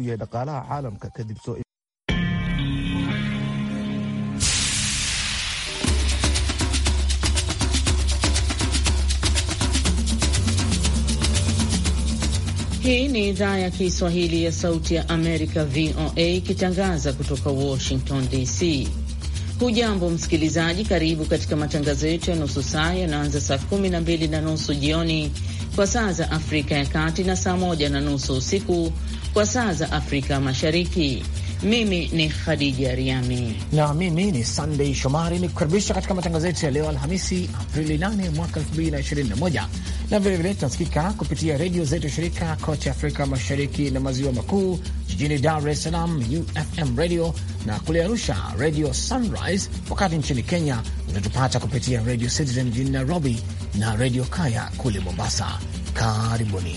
yahay dhaqaalaha caalamka kadib soo Hii ni idhaa ya Kiswahili ya Sauti ya Amerika, VOA, ikitangaza kutoka Washington DC. Hujambo msikilizaji, karibu katika matangazo yetu ya nusu saa yanaanza saa kumi na mbili na nusu jioni kwa saa za Afrika ya Kati na saa moja na nusu usiku kwa saa za Afrika Mashariki. Mimi ni Khadija Riami na mimi ni Sandey Shomari, ni kukaribisha katika matangazo yetu ya leo Alhamisi, Aprili 8 mwaka 2021, na vilevile tunasikika kupitia redio zetu shirika kote Afrika Mashariki na Maziwa Makuu, jijini Dar es Salaam UFM Radio na kule Arusha Radio Sunrise, wakati nchini Kenya unatupata kupitia Radio Citizen jijini Nairobi na Radio Kaya kule Mombasa. Karibuni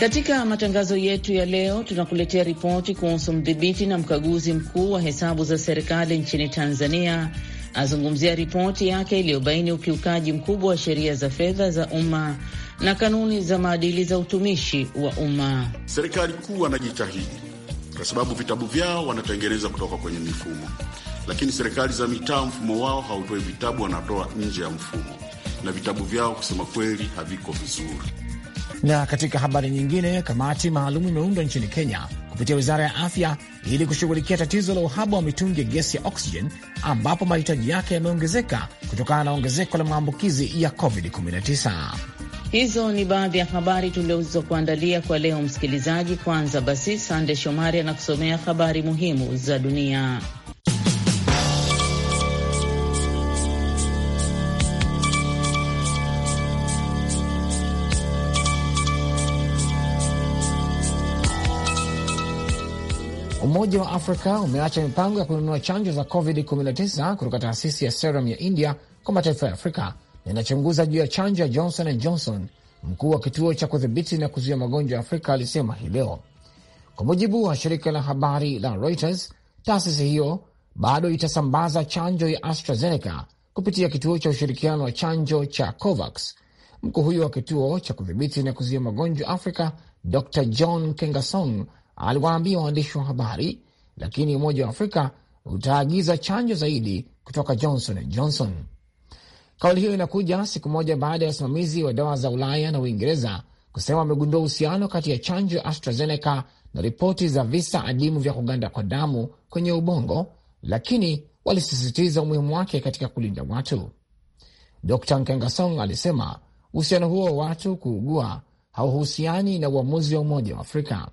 Katika matangazo yetu ya leo tunakuletea ripoti kuhusu mdhibiti na mkaguzi mkuu wa hesabu za serikali nchini Tanzania azungumzia ripoti yake iliyobaini ukiukaji mkubwa wa sheria za fedha za umma na kanuni za maadili za utumishi wa umma. Serikali kuu wanajitahidi kwa sababu vitabu vyao wanatengeneza kutoka kwenye mifumo, lakini serikali za mitaa mfumo wao hautoi vitabu, wanatoa nje ya mfumo, na vitabu vyao kusema kweli haviko vizuri. Na katika habari nyingine, kamati maalum imeundwa nchini Kenya kupitia wizara ya afya ili kushughulikia tatizo la uhaba wa mitungi ya gesi ya oksijen ambapo mahitaji yake yameongezeka kutokana na ongezeko la maambukizi ya COVID-19. Hizo ni baadhi ya habari tulizokuandalia kwa leo, msikilizaji. Kwanza basi, Sande Shomari anakusomea habari muhimu za dunia. Umoja wa Afrika umeacha mipango ya kununua chanjo za COVID-19 kutoka taasisi ya Serum ya India kwa mataifa ya Afrika na inachunguza juu ya chanjo ya Johnson and Johnson. Mkuu wa kituo cha kudhibiti na kuzuia magonjwa ya Afrika alisema hii leo, kwa mujibu wa shirika la habari la Reuters. Taasisi hiyo bado itasambaza chanjo ya AstraZeneca kupitia kituo cha ushirikiano wa chanjo cha COVAX. Mkuu huyo wa kituo cha kudhibiti na kuzuia magonjwa Afrika, Dr John Kengason, aliwaambia waandishi wa habari, lakini Umoja wa Afrika utaagiza chanjo zaidi kutoka Johnson and Johnson. Kauli hiyo inakuja siku moja baada ya wasimamizi wa dawa za Ulaya na Uingereza kusema wamegundua uhusiano kati ya chanjo ya AstraZeneca na ripoti za visa adimu vya kuganda kwa damu kwenye ubongo, lakini walisisitiza umuhimu wake katika kulinda watu. Dr Nkengasong alisema uhusiano huo wa watu kuugua hauhusiani na uamuzi wa Umoja wa Afrika.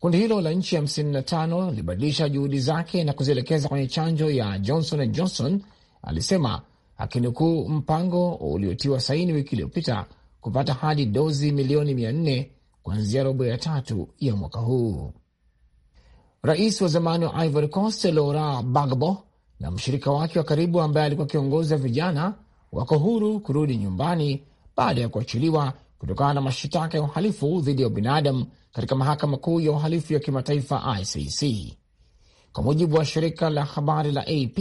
Kundi hilo la nchi 55 lilibadilisha juhudi zake na kuzielekeza kwenye chanjo ya Johnson and Johnson, alisema akinukuu mpango uliotiwa saini wiki iliyopita kupata hadi dozi milioni 400 kuanzia robo ya tatu ya mwaka huu. Rais wa zamani wa Ivory Coast Laurent Gbagbo na mshirika wake wa karibu ambaye alikuwa kiongozi wa vijana wako huru kurudi nyumbani baada ya kuachiliwa kutokana na mashitaka ya uhalifu dhidi ya ubinadamu katika mahakama kuu ya uhalifu ya kimataifa ICC. Kwa mujibu wa shirika la habari la AP,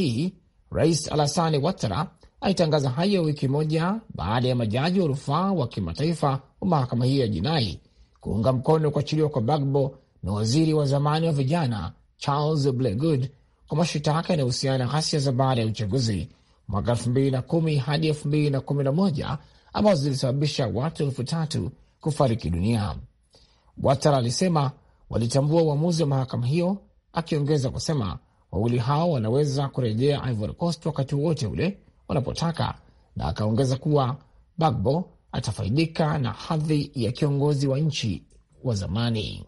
Rais Alassane Ouattara alitangaza hayo wiki moja baada ya majaji wa rufaa wa kimataifa wa mahakama hiyo ya jinai kuunga mkono kuachiliwa kwa Bagbo na waziri wa zamani wa vijana Charles Blegood kwa mashitaka yanayohusiana na ghasia za baada ya uchaguzi mwaka 2010 hadi 2011 ambazo zilisababisha watu elfu tatu kufariki dunia. Watara alisema walitambua uamuzi wa mahakama hiyo, akiongeza kusema wawili hao wanaweza kurejea Ivory Coast wakati wowote ule wanapotaka, na akaongeza kuwa Bagbo atafaidika na hadhi ya kiongozi wa nchi wa zamani.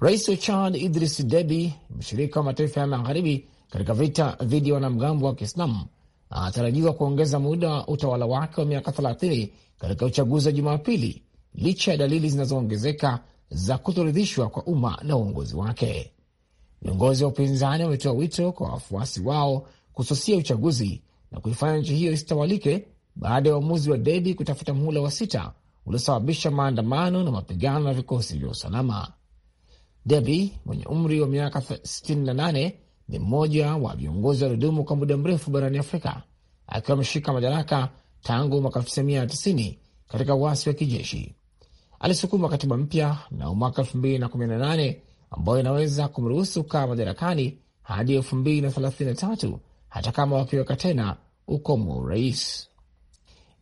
Rais wa Chad Idris debi mshirika wa mataifa ya magharibi katika vita dhidi ya wanamgambo wa Kiislamu, anatarajiwa kuongeza muda wa utawala wake wa miaka 30 katika uchaguzi wa Jumapili licha ya dalili zinazoongezeka za kutoridhishwa kwa umma na uongozi wake. Viongozi wa upinzani wametoa wito kwa wafuasi wao kususia uchaguzi na kuifanya nchi hiyo isitawalike baada ya uamuzi wa debi kutafuta muhula wa sita uliosababisha maandamano na mapigano na vikosi vya usalama. Debi mwenye umri wa miaka 68 ni mmoja wa viongozi waliodumu kwa muda mrefu barani Afrika, akiwa ameshika madaraka tangu mwaka 1990 katika uasi wa kijeshi. Alisukuma katiba mpya na mwaka 2018 ambayo inaweza kumruhusu kukaa madarakani hadi 2033 hata kama wakiweka tena ukomo wa urais.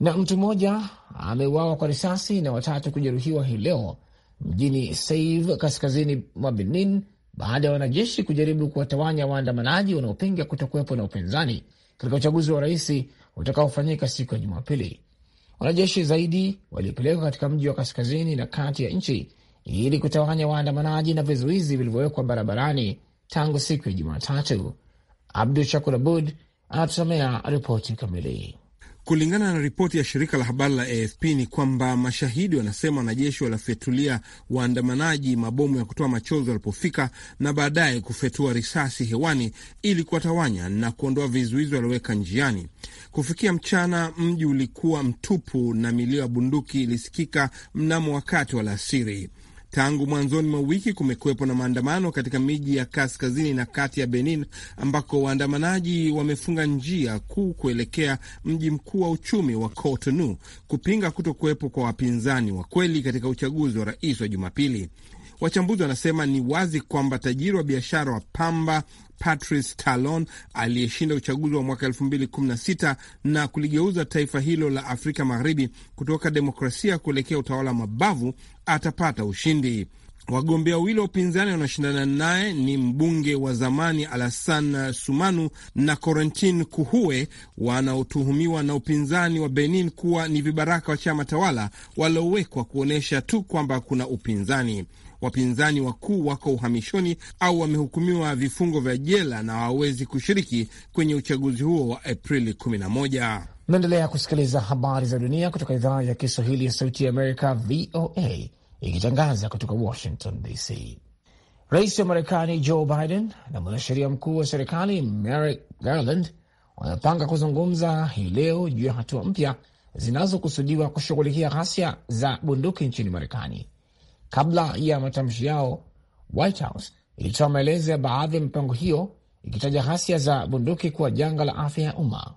Na mtu mmoja ameuawa kwa risasi na watatu kujeruhiwa hii leo mjini Save kaskazini mwa Benin baada ya wanajeshi kujaribu kuwatawanya waandamanaji wanaopinga kutokuwepo na upinzani katika uchaguzi wa rais utakaofanyika siku ya Jumapili. Wanajeshi zaidi walipelekwa katika mji wa kaskazini na kati ya nchi ili kutawanya waandamanaji na vizuizi vilivyowekwa barabarani tangu siku ya Jumatatu. Abdu Shakur Abud anatusomea ripoti kamili. Kulingana na ripoti ya shirika la habari la AFP ni kwamba mashahidi wanasema wanajeshi waliofyatulia waandamanaji mabomu ya kutoa machozi walipofika na baadaye kufyatua risasi hewani ili kuwatawanya na kuondoa vizuizi walioweka njiani. Kufikia mchana, mji ulikuwa mtupu na milio ya bunduki ilisikika mnamo wakati wa alasiri. Tangu mwanzoni mwa wiki kumekuwepo na maandamano katika miji ya kaskazini na kati ya Benin, ambako waandamanaji wamefunga njia kuu kuelekea mji mkuu wa uchumi wa Cotonou kupinga kuto kuwepo kwa wapinzani wa kweli katika uchaguzi wa rais wa Jumapili. Wachambuzi wanasema ni wazi kwamba tajiri wa biashara wa pamba Patrice Talon aliyeshinda uchaguzi wa mwaka kumi na kuligeuza taifa hilo la Afrika Magharibi kutoka demokrasia kuelekea utawala mabavu atapata ushindi. Wagombea wawili wa upinzani wanaoshindana naye ni mbunge wa zamani Alasan Sumanu na Corentin Kuhue, wanaotuhumiwa na upinzani wa Benin kuwa ni vibaraka wa chama tawala waliowekwa kuonyesha tu kwamba kuna upinzani wapinzani wakuu wako uhamishoni au wamehukumiwa vifungo vya jela na hawawezi kushiriki kwenye uchaguzi huo wa Aprili 11. naendelea kusikiliza habari za dunia kutoka idhaa ya Kiswahili ya Sauti ya Amerika, VOA, ikitangaza kutoka Washington DC. Rais wa Marekani Joe Biden na mwanasheria mkuu wa serikali Merrick Garland wanapanga kuzungumza hii leo juu ya hatua mpya zinazokusudiwa kushughulikia ghasia za bunduki nchini Marekani, Kabla ya matamshi yao, White House ilitoa maelezo ya baadhi ya mipango hiyo, ikitaja ghasia za bunduki kuwa janga la afya ya umma.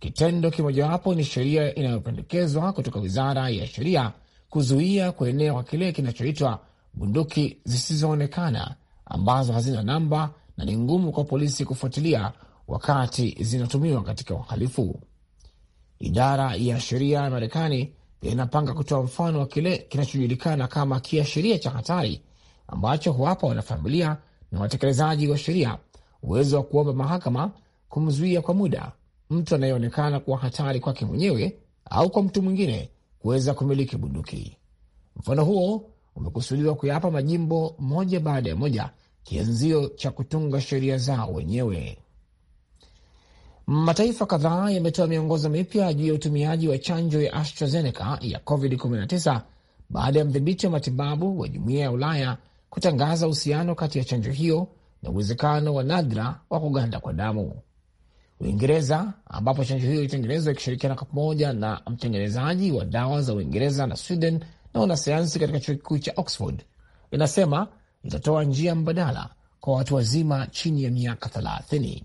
Kitendo kimojawapo ni sheria inayopendekezwa kutoka wizara ya sheria kuzuia kuenea kwa kile kinachoitwa bunduki zisizoonekana ambazo hazina namba na ni ngumu kwa polisi kufuatilia wakati zinatumiwa katika uhalifu. Idara ya sheria ya Marekani inapanga kutoa mfano wa kile kinachojulikana kama kiashiria cha hatari ambacho huwapa wanafamilia na watekelezaji wa sheria uwezo wa kuomba mahakama kumzuia kwa muda mtu anayeonekana kuwa hatari kwake mwenyewe au kwa mtu mwingine kuweza kumiliki bunduki. Mfano huo umekusudiwa kuyapa majimbo moja baada ya moja kianzio cha kutunga sheria zao wenyewe. Mataifa kadhaa yametoa miongozo mipya juu ya utumiaji wa chanjo ya AstraZeneca ya COVID-19 baada ya mdhibiti wa matibabu wa jumuiya ya Ulaya kutangaza uhusiano kati ya chanjo hiyo na uwezekano wa nadra wa kuganda kwa damu. Uingereza, ambapo chanjo hiyo ilitengenezwa ikishirikiana pamoja na mtengenezaji wa dawa za Uingereza na Sweden na wanasayansi katika chuo kikuu cha Oxford, inasema itatoa njia mbadala kwa watu wazima chini ya miaka thelathini.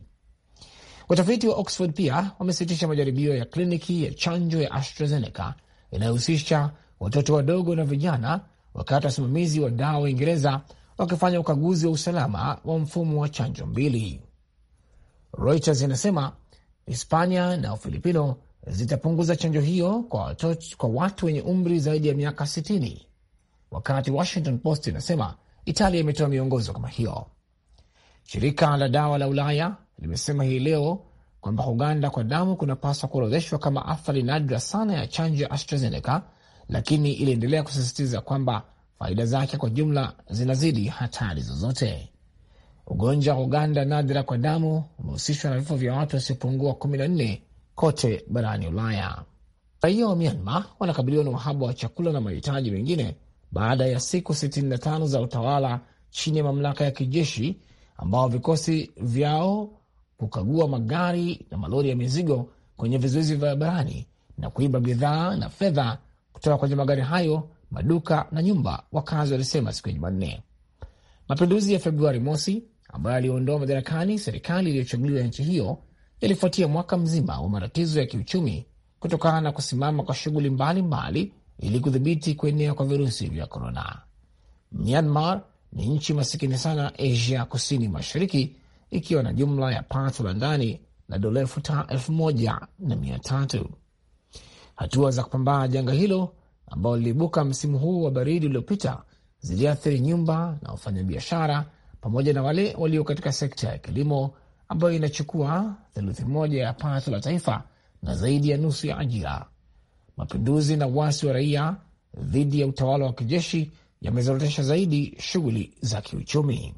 Watafiti wa Oxford pia wamesitisha majaribio ya kliniki ya chanjo ya AstraZeneca inayohusisha watoto wadogo na vijana, wakati wasimamizi wa dawa Uingereza wakifanya ukaguzi wa usalama wa mfumo wa chanjo mbili. Reuters inasema Hispania na Ufilipino zitapunguza chanjo hiyo kwa, kwa watu wenye umri zaidi ya miaka 60, wakati Washington Post inasema Italia imetoa miongozo kama hiyo. Shirika la dawa la Ulaya limesema hii leo kwamba kuganda kwa damu kunapaswa kuorodheshwa kama athari nadra sana ya chanjo ya AstraZeneca, lakini iliendelea kusisitiza kwamba faida zake kwa jumla zinazidi hatari zozote. Ugonjwa wa kuganda nadra kwa damu umehusishwa na vifo vya watu wasiopungua 14 kote barani Ulaya. Raia wa Myanmar wanakabiliwa na uhaba wa chakula na mahitaji mengine baada ya siku 65 za utawala chini ya mamlaka ya kijeshi ambao vikosi vyao kukagua magari na malori ya mizigo kwenye vizuizi vya barabarani na kuiba bidhaa na fedha kutoka kwenye magari hayo, maduka na nyumba, wakazi walisema siku ya Jumanne. Mapinduzi ya Februari mosi ambayo aliondoa madarakani serikali iliyochaguliwa ya nchi hiyo yalifuatia mwaka mzima wa matatizo ya kiuchumi kutokana na kusimama kwa shughuli mbalimbali ili kudhibiti kuenea kwa virusi vya korona. Myanmar ni nchi masikini sana Asia kusini mashariki ikiwa na jumla ya pato la ndani la dola elfu moja na mia tatu. Hatua za kupambana janga hilo ambalo liliibuka msimu huu wa baridi uliopita ziliathiri nyumba na wafanyabiashara pamoja na wale walio katika sekta ya kilimo ambayo inachukua theluthi moja ya pato la taifa na zaidi ya nusu ya ajira. Mapinduzi na uasi wa raia dhidi ya utawala wa kijeshi yamezorotesha zaidi shughuli za kiuchumi.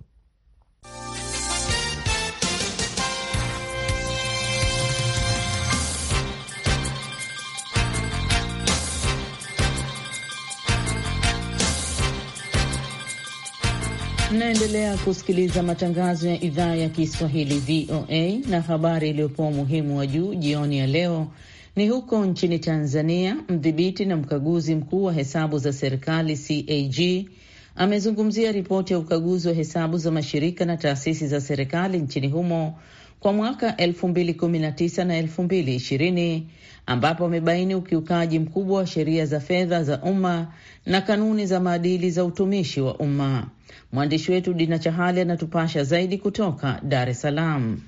Mnaendelea kusikiliza matangazo ya idhaa ya Kiswahili VOA na habari iliyopewa umuhimu wa juu jioni ya leo ni huko nchini Tanzania. Mdhibiti na mkaguzi mkuu wa hesabu za serikali CAG amezungumzia ripoti ya ukaguzi wa hesabu za mashirika na taasisi za serikali nchini humo kwa mwaka 2019 na 2020 ambapo wamebaini ukiukaji mkubwa wa sheria za fedha za umma na kanuni za maadili za utumishi wa umma. Mwandishi wetu Dina Chahali anatupasha zaidi kutoka Dar es Salaam.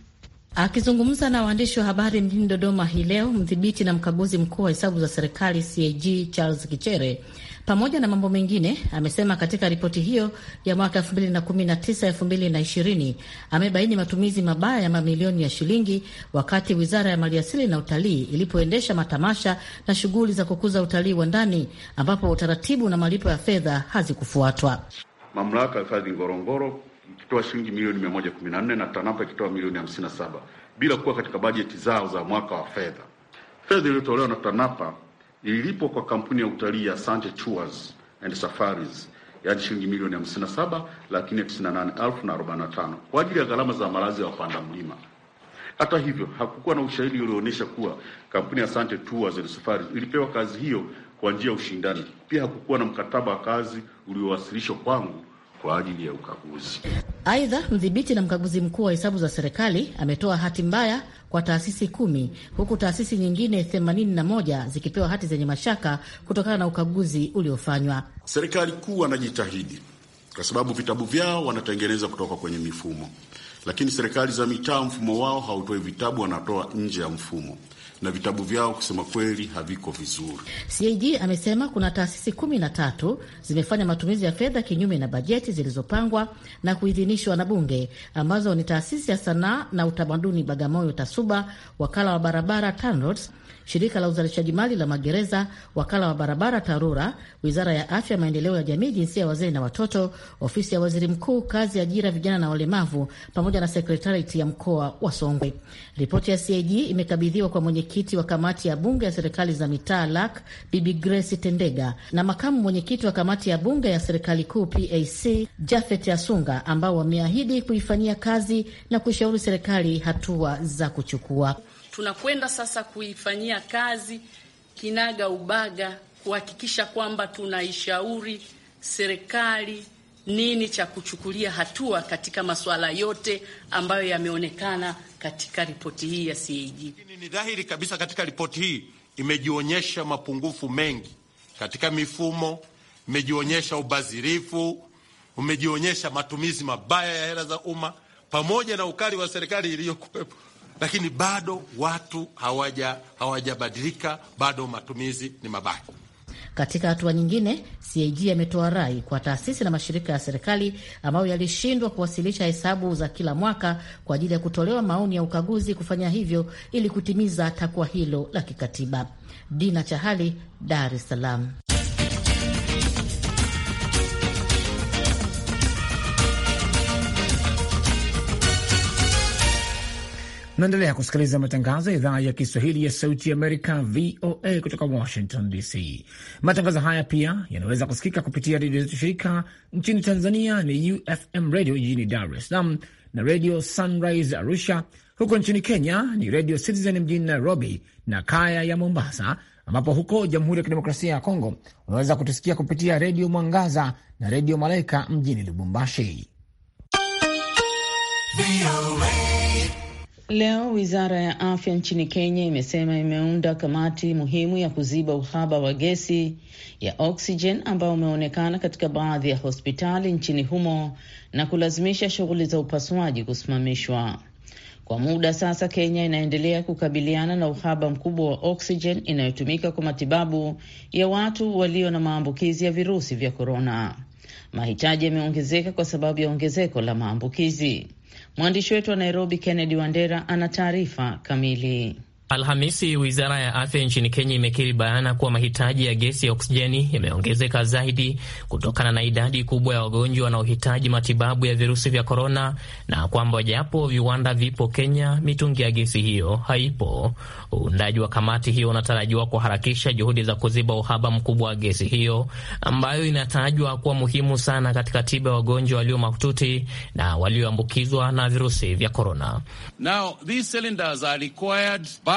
Akizungumza na waandishi wa habari mjini Dodoma hii leo, mdhibiti na mkaguzi mkuu wa hesabu za serikali CAG Charles Kichere pamoja na mambo mengine, amesema katika ripoti hiyo ya mwaka 2019 2020 amebaini matumizi mabaya ya mamilioni ya shilingi wakati Wizara ya Maliasili na Utalii ilipoendesha matamasha na shughuli za kukuza utalii wa ndani, ambapo utaratibu na malipo ya fedha hazikufuatwa. Mamlaka ya hifadhi Ngorongoro ikitoa shilingi milioni 114 na TANAPA ikitoa milioni 57 bila kuwa katika bajeti zao za mwaka wa fedha. Fedha iliyotolewa na TANAPA lilipo kwa kampuni ya utalii ya Sante Tours and Safaris yaani shilingi milioni 57 laki kwa ajili ya gharama za malazi ya wapanda mlima. Hata hivyo, hakukuwa na ushahidi ulioonyesha kuwa kampuni ya Sante Tours and Safaris ilipewa kazi hiyo kwa njia ya ushindani. Pia hakukuwa na mkataba wa kazi uliowasilishwa kwangu kwa ajili ya ukaguzi. Aidha, mdhibiti na mkaguzi mkuu wa hesabu za serikali ametoa hati mbaya kwa taasisi kumi huku taasisi nyingine 81 zikipewa hati zenye mashaka kutokana na ukaguzi uliofanywa. Serikali kuu anajitahidi kwa sababu vitabu vyao wanatengeneza kutoka kwenye mifumo, lakini serikali za mitaa mfumo wao hautoi vitabu, wanatoa nje ya mfumo na vitabu vyao kusema kweli haviko vizuri. CAG amesema kuna taasisi kumi na tatu zimefanya matumizi ya fedha kinyume na bajeti zilizopangwa na kuidhinishwa na Bunge, ambazo ni taasisi ya sanaa na utamaduni Bagamoyo TASUBA, wakala wa barabara TANROADS, shirika la uzalishaji mali la magereza, wakala wa barabara TARURA, wizara ya afya, maendeleo ya jamii, jinsia ya wazee na watoto, ofisi ya waziri mkuu, kazi, ajira, vijana na walemavu, pamoja na sekretariati ya mkoa wa Songwe. Ripoti ya CAG imekabidhiwa kwa mwenyekiti wa kamati ya bunge ya serikali za mitaa lak Bibi Grace Tendega na makamu mwenyekiti wa kamati ya bunge ya serikali kuu PAC Jafet Asunga ambao wameahidi kuifanyia kazi na kuishauri serikali hatua za kuchukua tunakwenda sasa kuifanyia kazi kinaga ubaga kuhakikisha kwamba tunaishauri serikali nini cha kuchukulia hatua katika masuala yote ambayo yameonekana katika ripoti hii ya CAG. Ni dhahiri kabisa katika ripoti hii imejionyesha mapungufu mengi katika mifumo, imejionyesha ubadhirifu, umejionyesha matumizi mabaya ya hela za umma pamoja na ukali wa serikali iliyokuwepo lakini bado watu hawaja hawajabadilika, bado matumizi ni mabaya. Katika hatua nyingine, CAG ametoa rai kwa taasisi na mashirika ya serikali ambayo yalishindwa kuwasilisha hesabu za kila mwaka kwa ajili ya kutolewa maoni ya ukaguzi kufanya hivyo ili kutimiza takwa hilo la kikatiba. Dina Chahali, Dar es Salaam. Naendelea kusikiliza matangazo ya idhaa ya Kiswahili ya Sauti Amerika, VOA, kutoka Washington DC. Matangazo haya pia yanaweza kusikika kupitia redio zetu shirika nchini Tanzania ni UFM Redio jijini Dar es Salaam na Redio Sunrise Arusha. Huko nchini Kenya ni Redio Citizen mjini Nairobi na Kaya ya Mombasa, ambapo huko Jamhuri ya Kidemokrasia ya Kongo unaweza kutusikia kupitia Redio Mwangaza na Redio Malaika mjini Lubumbashi. Leo wizara ya afya nchini Kenya imesema imeunda kamati muhimu ya kuziba uhaba wa gesi ya oksijen ambao umeonekana katika baadhi ya hospitali nchini humo na kulazimisha shughuli za upasuaji kusimamishwa. Kwa muda sasa, Kenya inaendelea kukabiliana na uhaba mkubwa wa oksijen inayotumika kwa matibabu ya watu walio na maambukizi ya virusi vya korona. Mahitaji yameongezeka kwa sababu ya ongezeko la maambukizi. Mwandishi wetu wa Nairobi, Kennedy Wandera, ana taarifa kamili. Alhamisi, wizara ya afya nchini Kenya imekiri bayana kuwa mahitaji ya gesi ya oksijeni yameongezeka zaidi kutokana na idadi kubwa ya wagonjwa wanaohitaji matibabu ya virusi vya korona, na kwamba japo viwanda vipo Kenya, mitungi ya gesi hiyo haipo. Uundaji wa kamati hiyo unatarajiwa kuharakisha juhudi za kuziba uhaba mkubwa wa gesi hiyo ambayo inatajwa kuwa muhimu sana katika tiba ya wagonjwa walio mahututi na walioambukizwa na virusi vya korona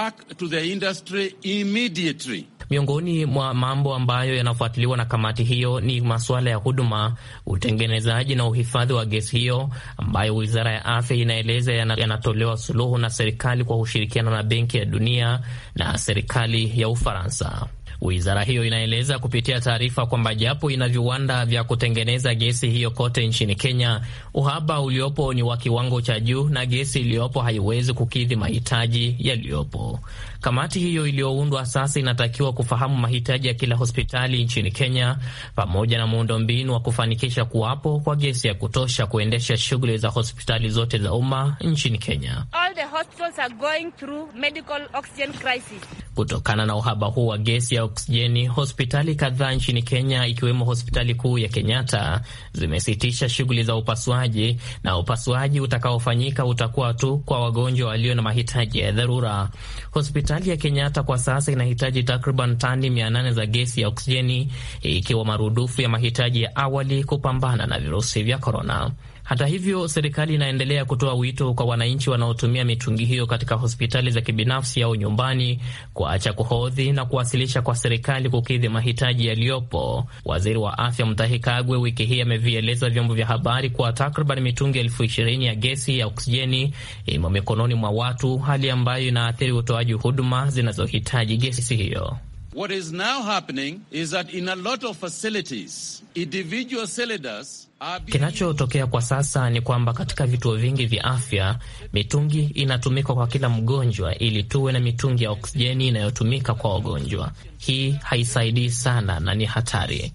back to the industry immediately. Miongoni mwa mambo ambayo yanafuatiliwa na kamati hiyo ni masuala ya huduma, utengenezaji na uhifadhi wa gesi hiyo ambayo wizara ya afya inaeleza yanatolewa suluhu na serikali kwa kushirikiana na Benki ya Dunia na serikali ya Ufaransa. Wizara hiyo inaeleza kupitia taarifa kwamba japo ina viwanda vya kutengeneza gesi hiyo kote nchini Kenya, uhaba uliopo ni wa kiwango cha juu na gesi iliyopo haiwezi kukidhi mahitaji yaliyopo. Kamati hiyo iliyoundwa sasa inatakiwa kufahamu mahitaji ya kila hospitali nchini Kenya pamoja na muundombinu wa kufanikisha kuwapo kwa gesi ya kutosha kuendesha shughuli za hospitali zote za umma nchini Kenya. All the hospitals are going through medical oxygen crisis. Kutokana na uhaba huu wa gesi ya oksijeni, hospitali kadhaa nchini Kenya ikiwemo hospitali kuu ya Kenyatta zimesitisha shughuli za upasuaji, na upasuaji utakaofanyika utakuwa tu kwa wagonjwa walio na mahitaji ya dharura hospitali Serikali ya Kenyatta kwa sasa inahitaji takriban tani nane za gesi ya oksijeni, ikiwa marudufu ya mahitaji ya awali kupambana na virusi vya korona. Hata hivyo, serikali inaendelea kutoa wito kwa wananchi wanaotumia mitungi hiyo katika hospitali za kibinafsi au nyumbani kuacha kuhodhi na kuwasilisha kwa serikali kukidhi mahitaji yaliyopo. Waziri wa afya Mutahi Kagwe wiki hii amevieleza vyombo vya habari kuwa takriban mitungi elfu ishirini ya gesi ya oksijeni imo mikononi mwa watu, hali ambayo inaathiri utoaji huduma zinazohitaji gesi hiyo. What is now happening is that in a lot of facilities, individual cylinders Kinachotokea kwa sasa ni kwamba katika vituo vingi vya afya mitungi inatumika kwa kila mgonjwa, ili tuwe na mitungi ya oksijeni inayotumika kwa wagonjwa. Hii haisaidii sana na ni hatari.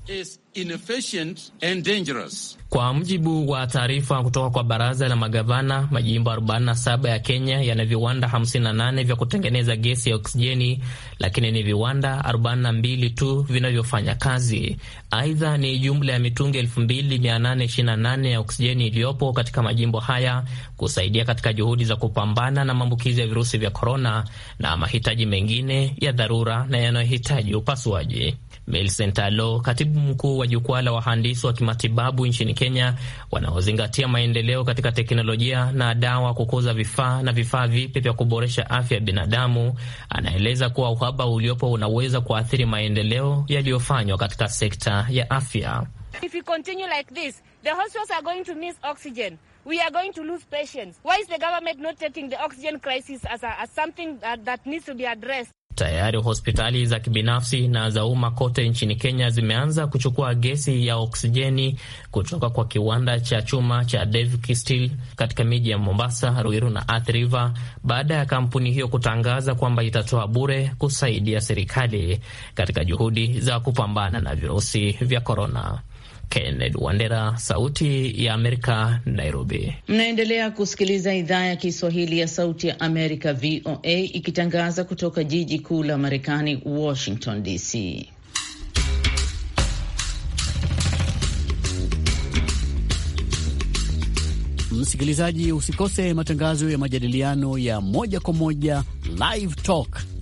Kwa mujibu wa taarifa kutoka kwa baraza la magavana, majimbo 47 ya Kenya yana viwanda 58 vya kutengeneza gesi ya oksijeni, lakini ni viwanda 42 tu vinavyofanya kazi. Aidha, ni jumla ya mitungi 2800 828 ya oksijeni iliyopo katika majimbo haya kusaidia katika juhudi za kupambana na maambukizi ya virusi vya korona na mahitaji mengine ya dharura na yanayohitaji upasuaji. Milsentalo, katibu mkuu wa jukwaa la wahandisi wa kimatibabu nchini Kenya wanaozingatia maendeleo katika teknolojia na dawa, kukuza vifaa na vifaa vipya vya kuboresha afya ya binadamu, anaeleza kuwa uhaba uliopo unaweza kuathiri maendeleo yaliyofanywa katika sekta ya afya. If we continue like this, the hospitals are going to miss oxygen. We are going to lose patients. Why is the government not taking the oxygen crisis as, a, as something that, that needs to be addressed? Tayari hospitali za kibinafsi na za umma kote nchini Kenya zimeanza kuchukua gesi ya oksijeni kutoka kwa kiwanda cha chuma cha Davik Steel katika miji ya Mombasa, Ruiru na Athi River baada ya kampuni hiyo kutangaza kwamba itatoa bure kusaidia serikali katika juhudi za kupambana na virusi vya korona. Kennedy Wandera, Sauti ya Amerika, Nairobi. Mnaendelea kusikiliza idhaa ya Kiswahili ya Sauti ya Amerika, VOA, ikitangaza kutoka jiji kuu la Marekani, Washington DC. Msikilizaji, usikose matangazo ya majadiliano ya moja kwa moja, Live Talk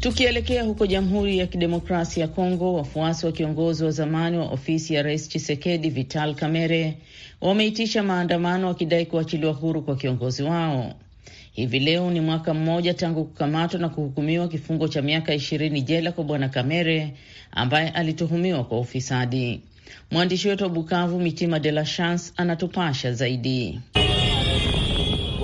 Tukielekea huko Jamhuri ya Kidemokrasia ya Kongo, wafuasi wa kiongozi wa zamani wa ofisi ya Rais Chisekedi Vital Kamerhe wameitisha maandamano wakidai kuachiliwa huru kwa kiongozi wao. Hivi leo ni mwaka mmoja tangu kukamatwa na kuhukumiwa kifungo cha miaka ishirini jela kwa bwana Kamere ambaye alituhumiwa kwa ufisadi. Mwandishi wetu wa Bukavu Mitima de la Chance anatupasha zaidi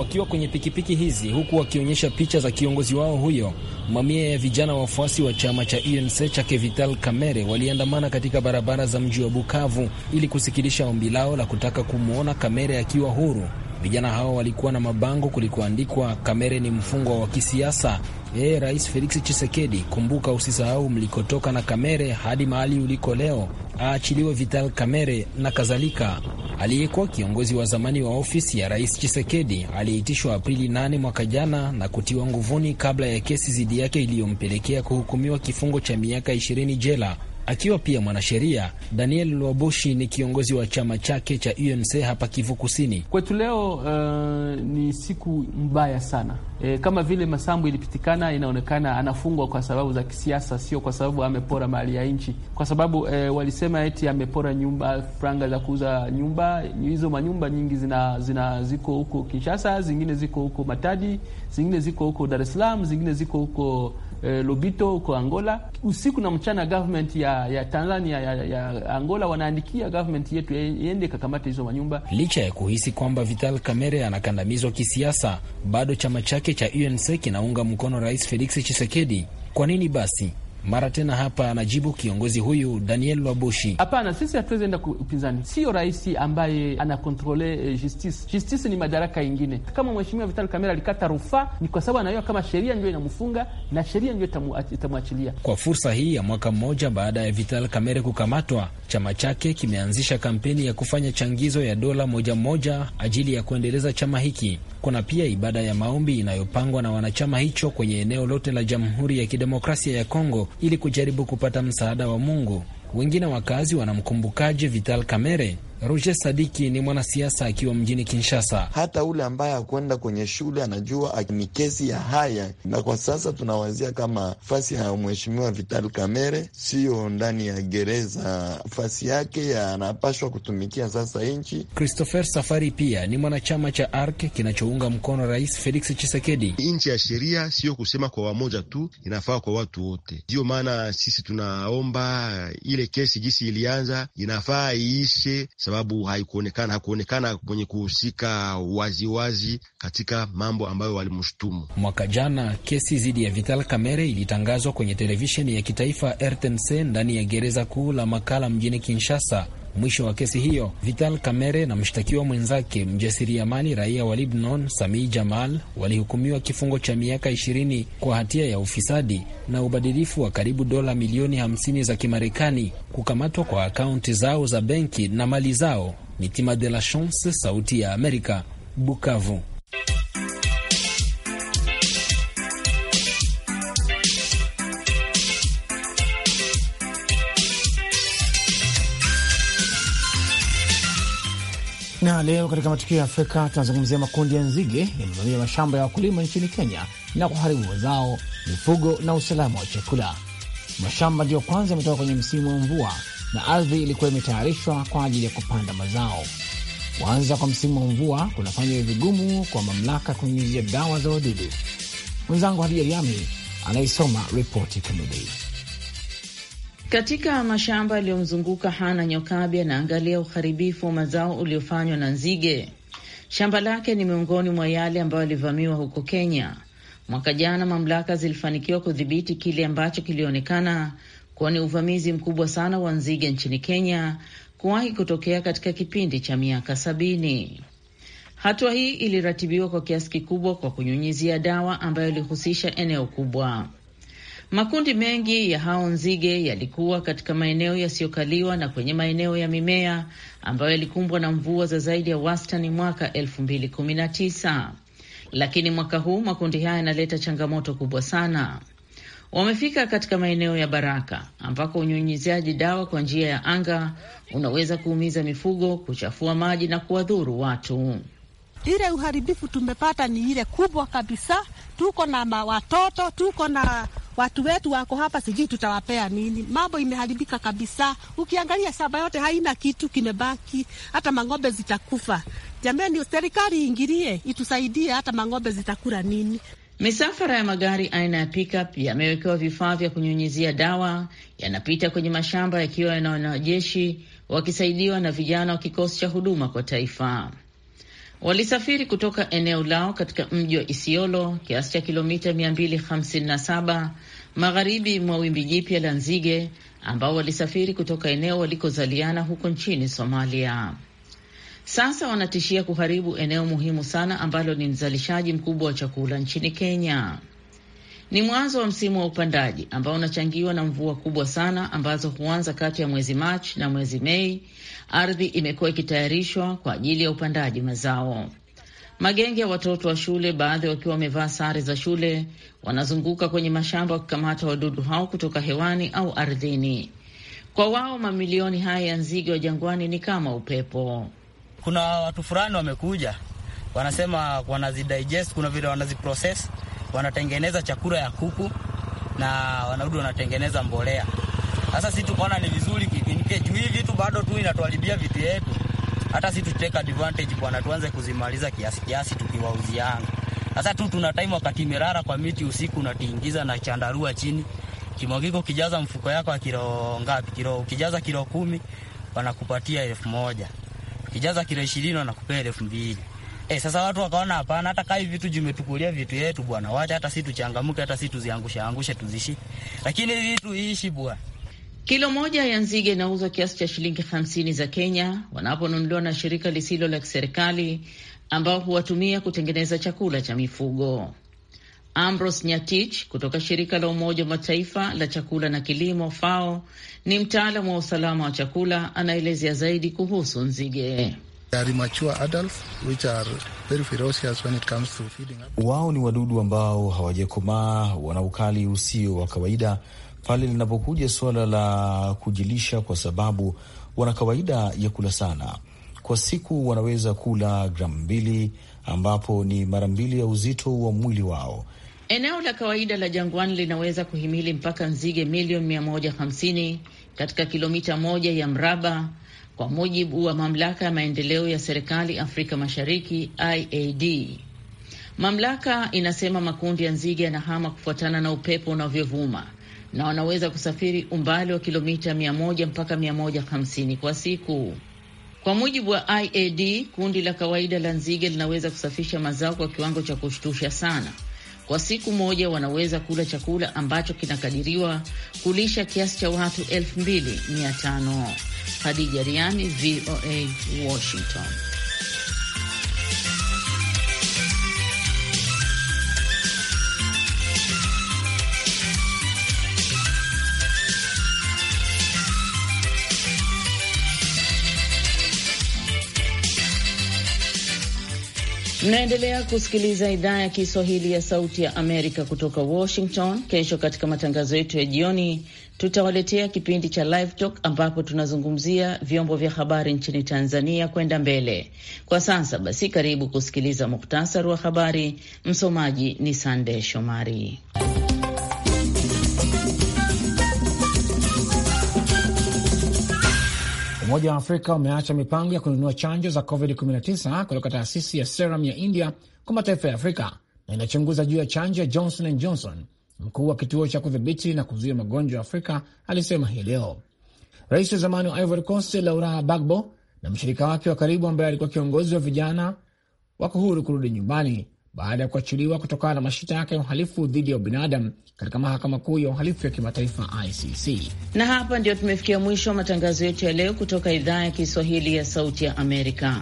wakiwa kwenye pikipiki hizi huku wakionyesha picha za kiongozi wao huyo. Mamia ya vijana wafuasi wa chama cha UNC chake Vital Kamerhe waliandamana katika barabara za mji wa Bukavu ili kusikilisha ombi lao la kutaka kumwona Kamerhe akiwa huru. Vijana hao walikuwa na mabango kulikoandikwa Kamerhe ni mfungwa wa kisiasa, ee Rais Felix Tshisekedi, kumbuka usisahau mlikotoka na Kamerhe hadi mahali uliko leo, aachiliwe Vital Kamerhe na kadhalika aliyekuwa kiongozi wa zamani wa ofisi ya rais Chisekedi aliyeitishwa Aprili 8 mwaka jana na kutiwa nguvuni kabla ya kesi dhidi yake iliyompelekea kuhukumiwa kifungo cha miaka 20 jela akiwa pia mwanasheria. Daniel Lwaboshi ni kiongozi wa chama chake cha UNC hapa Kivu Kusini. Kwetu leo uh, ni siku mbaya sana e, kama vile Masambu ilipitikana, inaonekana anafungwa kwa sababu za kisiasa, sio kwa sababu amepora mali ya nchi, kwa sababu e, walisema eti amepora nyumba, franga za kuuza nyumba. Hizo manyumba nyingi zina, zina ziko huko Kinshasa, zingine ziko huko Matadi, zingine ziko huko Dar es Salaam, zingine ziko huko eh, Lobito huko Angola, usiku na mchana government ya, ya Tanzania ya, ya Angola wanaandikia government yetu iende kakamate hizo manyumba. Licha ya kuhisi kwamba Vital Kamerhe anakandamizwa kisiasa, bado chama chake cha UNC kinaunga mkono Rais Felix Tshisekedi. Kwa nini basi mara tena hapa anajibu kiongozi huyu Daniel Wabushi. Hapana, sisi hatuwezi enda upinzani, siyo rais ambaye anakontrole eh, justice. Justice ni madaraka yingine. Kama mheshimiwa Vital Kamera alikata rufaa, ni kwa sababu anaiwa kama sheria ndio inamfunga na sheria ndio itamwachilia. Kwa fursa hii ya mwaka mmoja baada ya Vital Kamere kukamatwa Chama chake kimeanzisha kampeni ya kufanya changizo ya dola moja moja ajili ya kuendeleza chama hiki. Kuna pia ibada ya maombi inayopangwa na wanachama hicho kwenye eneo lote la Jamhuri ya Kidemokrasia ya Kongo ili kujaribu kupata msaada wa Mungu. Wengine wakazi wanamkumbukaje Vital Kamere? Roger Sadiki ni mwanasiasa akiwa mjini Kinshasa. Hata ule ambaye akwenda kwenye shule anajua ni kesi ya haya, na kwa sasa tunawazia kama fasi ya mheshimiwa Vital Kamere siyo ndani ya gereza, fasi yake anapashwa kutumikia sasa nchi. Christopher Safari pia ni mwanachama cha ARC kinachounga mkono Rais Felix Chisekedi. Nchi ya sheria siyo kusema kwa wamoja tu, inafaa kwa watu wote. Ndiyo maana sisi tunaomba ile kesi jisi ilianza inafaa iishe sababu haikuonekana, hakuonekana mwenye kuhusika waziwazi katika mambo ambayo walimshutumu. Mwaka jana kesi dhidi ya Vital Kamerhe ilitangazwa kwenye televisheni ya kitaifa RTNC ndani ya gereza kuu la Makala mjini Kinshasa. Mwisho wa kesi hiyo, Vital Kamere na mshtakiwa mwenzake mjasiriamali raia wa libnon Samii Jamal walihukumiwa kifungo cha miaka ishirini kwa hatia ya ufisadi na ubadilifu wa karibu dola milioni hamsini za Kimarekani, kukamatwa kwa akaunti zao za benki na mali zao. Mitima de la Chance, Sauti ya Amerika, Bukavu. na leo katika matukio ya Afrika tunazungumzia makundi ya nzige yamevamia mashamba ya wakulima nchini Kenya na kuharibu mazao, mifugo na usalama wa chakula. Mashamba ndiyo kwanza yametoka kwenye msimu wa mvua na ardhi ilikuwa imetayarishwa kwa ajili ya kupanda mazao. Kuanza kwa msimu wa mvua kunafanya vigumu kwa mamlaka kunyunyizia dawa za wadudu. Mwenzangu Hadija Riami anaisoma ripoti kamili. Katika mashamba yaliyomzunguka Hana Nyokabi anaangalia uharibifu wa mazao uliofanywa na nzige. Shamba lake ni miongoni mwa yale ambayo yalivamiwa huko Kenya mwaka jana. Mamlaka zilifanikiwa kudhibiti kile ambacho kilionekana kuwa ni uvamizi mkubwa sana wa nzige nchini Kenya kuwahi kutokea katika kipindi cha miaka sabini. Hatua hii iliratibiwa kwa kiasi kikubwa kwa kunyunyizia dawa ambayo ilihusisha eneo kubwa. Makundi mengi ya hao nzige yalikuwa katika maeneo yasiyokaliwa na kwenye maeneo ya mimea ambayo yalikumbwa na mvua za zaidi ya wastani mwaka 2019 lakini mwaka huu makundi haya yanaleta changamoto kubwa sana. Wamefika katika maeneo ya Baraka ambako unyunyiziaji dawa kwa njia ya anga unaweza kuumiza mifugo, kuchafua maji na kuwadhuru watu. Ile uharibifu tumepata ni ile kubwa kabisa. Tuko na watoto, tuko na watu wetu wako hapa, sijui tutawapea nini? Mambo imeharibika kabisa. Ukiangalia saba yote haina kitu kimebaki, hata mang'ombe zitakufa. Jameni, serikali iingilie, itusaidie, hata mang'ombe zitakula nini? Misafara ya magari aina ya pickup yamewekewa vifaa vya kunyunyizia dawa, yanapita kwenye mashamba yakiwa yana wanajeshi wakisaidiwa na vijana wa kikosi cha huduma kwa taifa. Walisafiri kutoka eneo lao katika mji wa Isiolo, kiasi cha kilomita 257 magharibi mwa wimbi jipya la nzige ambao walisafiri kutoka eneo walikozaliana huko nchini Somalia. Sasa wanatishia kuharibu eneo muhimu sana ambalo ni mzalishaji mkubwa wa chakula nchini Kenya. Ni mwanzo wa msimu wa upandaji ambao unachangiwa na mvua kubwa sana ambazo huanza kati ya mwezi Machi na mwezi Mei. Ardhi imekuwa ikitayarishwa kwa ajili ya upandaji mazao. Magenge ya watoto wa shule, baadhi wakiwa wamevaa sare za shule, wanazunguka kwenye mashamba wakikamata wadudu hao kutoka hewani au ardhini. Kwa wao, mamilioni haya ya nzige wa jangwani ni kama upepo. Kuna watu fulani wamekuja, wanasema wanazidigest, kuna vile wanaziprocess wanatengeneza chakula ya kuku na wanarudi wanatengeneza mbolea. Sasa si tukaona ni vizuri kipindike juu hii vitu bado tu inatuharibia vitu yetu, hata si tuteka advantage bwana, tuanze kuzimaliza kiasi kiasi tukiwauziana. Sasa tu tuna time wakati imerara kwa miti usiku unatiingiza na chandarua chini kimwagiko, ukijaza mfuko yako ya kilo ngapi, kilo ukijaza kilo kumi wanakupatia elfu moja ukijaza kilo ishirini wanakupea elfu mbili E, sasa watu wakaona hapana, hata kai vitu jimetukulia vitu yetu bwana, wacha hata si tuchangamuke, hata si tuziangushe angushe tuzishi, lakini vitu iishi bwana. Kilo moja ya nzige inauzwa kiasi cha shilingi hamsini za Kenya wanaponunuliwa na shirika lisilo la kiserikali ambao huwatumia kutengeneza chakula cha mifugo. Ambrose Nyatich kutoka shirika la Umoja wa Mataifa la chakula na kilimo FAO ni mtaalamu wa usalama wa chakula, anaelezea zaidi kuhusu nzige. Wao ni wadudu ambao hawajakomaa, wana ukali usio wa kawaida pale linapokuja suala la kujilisha, kwa sababu wana kawaida ya kula sana. Kwa siku wanaweza kula gramu mbili, ambapo ni mara mbili ya uzito wa mwili wao. Eneo la kawaida la jangwani linaweza kuhimili mpaka nzige milioni 150 katika kilomita moja ya mraba kwa mujibu wa mamlaka ya maendeleo ya serikali Afrika Mashariki IAD. Mamlaka inasema makundi ya nzige yanahama kufuatana na upepo unavyovuma na wanaweza kusafiri umbali wa kilomita 100 mpaka 150 kwa siku. Kwa mujibu wa IAD, kundi la kawaida la nzige linaweza kusafisha mazao kwa kiwango cha kushtusha sana kwa siku moja wanaweza kula chakula ambacho kinakadiriwa kulisha kiasi cha watu 2500. Hadija riani VOA, Washington. Mnaendelea kusikiliza idhaa ya Kiswahili ya Sauti ya Amerika kutoka Washington. Kesho katika matangazo yetu ya jioni, tutawaletea kipindi cha Live Talk ambapo tunazungumzia vyombo vya habari nchini Tanzania kwenda mbele. Kwa sasa basi, karibu kusikiliza muktasari wa habari. Msomaji ni sandey Shomari. Umoja wa Afrika umeacha mipango ya kununua chanjo za COVID-19 kutoka taasisi ya Serum ya India kwa mataifa ya Afrika na inachunguza juu ya chanjo ya Johnson and Johnson. Mkuu wa kituo cha kudhibiti na kuzuia magonjwa Afrika alisema hii leo. Rais wa zamani wa Ivory Coast Laurent Gbagbo na mshirika wake wa karibu ambaye alikuwa kiongozi wa vijana wako huru kurudi nyumbani baada ya kuachiliwa kutokana na mashitaka ya uhalifu dhidi ya ubinadam katika mahakama kuu ya uhalifu ya kimataifa ICC. Na hapa ndio tumefikia mwisho wa matangazo yetu ya leo kutoka idhaa ya Kiswahili ya Sauti ya Amerika.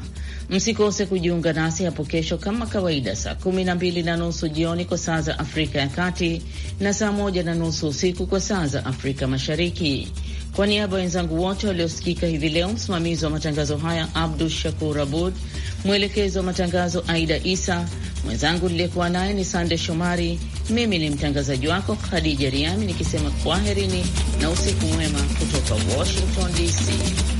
Msikose kujiunga nasi hapo kesho kama kawaida, saa kumi na mbili na nusu jioni kwa saa za Afrika ya Kati na saa moja na nusu usiku kwa saa za Afrika Mashariki. Kwa niaba ya wenzangu wote waliosikika hivi leo, msimamizi wa matangazo haya Abdu Shakur Abud, mwelekezi wa matangazo Aida Isa, mwenzangu niliyekuwa naye ni Sande Shomari. Mimi ni mtangazaji wako Khadija Riami nikisema kwaherini na usiku mwema kutoka Washington DC.